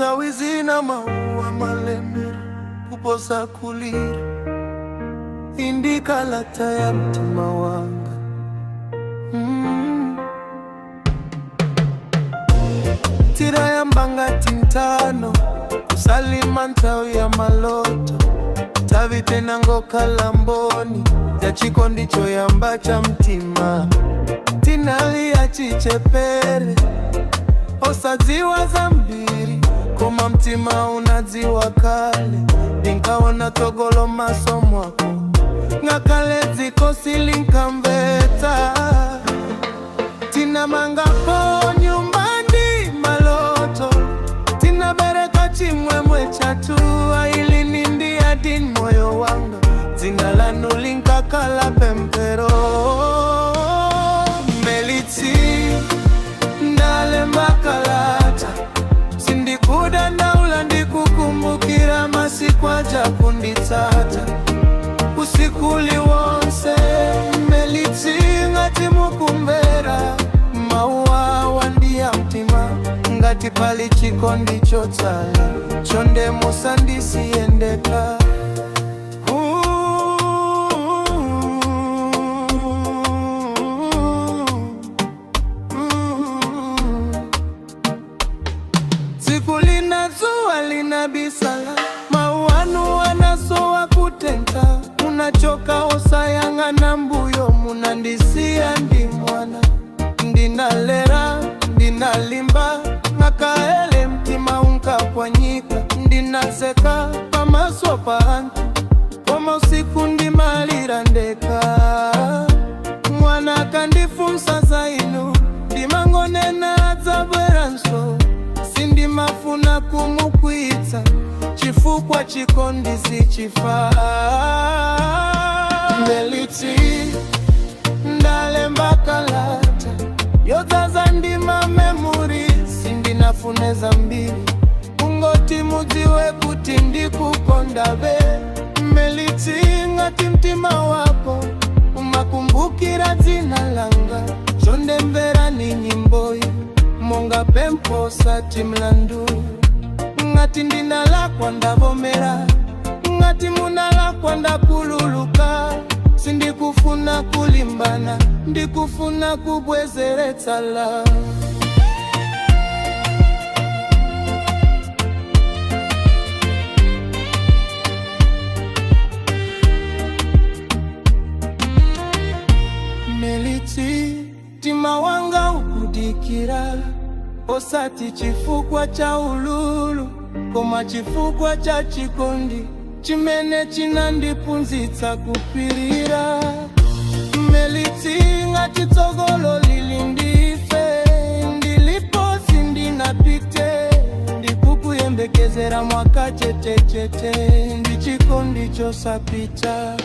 tawi zina maua malemera kuposa kulira indika lata ya mtima wanga mm. tira ya mbanga tintano kusalima ntawi ya maloto tavi tena ngoka lamboni ya chiko ndicho yamba cha mtima tinali ya chichepere osaziwa zambi kama mtima unaziwa kale, nikaona togolo maso mwako ngakale ziko silinkambeta tina manga chiko chikondi chotala chonde musandisiyendeka siku lina zuwa lina bisala mauanu wanasowa kutenta unachoka osayang'ana mbuya ndeka pamaso pantu koma usiku ndimalira ndeka mwana kandifumsa za inu ndimangonena nso sindimafuna kumukwitsa chifukwa chikondi sichifa meliti ndalemba kalata yodzaza ndima memuri sindinafuneza mbiri mutimudziwe kuti ndikukondave mmelitsinga mtima wako umakumbukira dzina langa ni nyimboyi monga pemposa timlandu ngati ndina lakwa ndavomera ngati muna lakwa ndapululuka sindikufuna kulimbana ndikufuna kubwezeretsa la si tima ukudikira osati chifukwa cha ululu koma chifukwa cha chikondi chimene chinandipunzitsa kupirira melitsinga chitsogolo lili ndife ndiliposi ndinapite ndikukuyembekezera mwaka chetechete ndi chikondi chosapita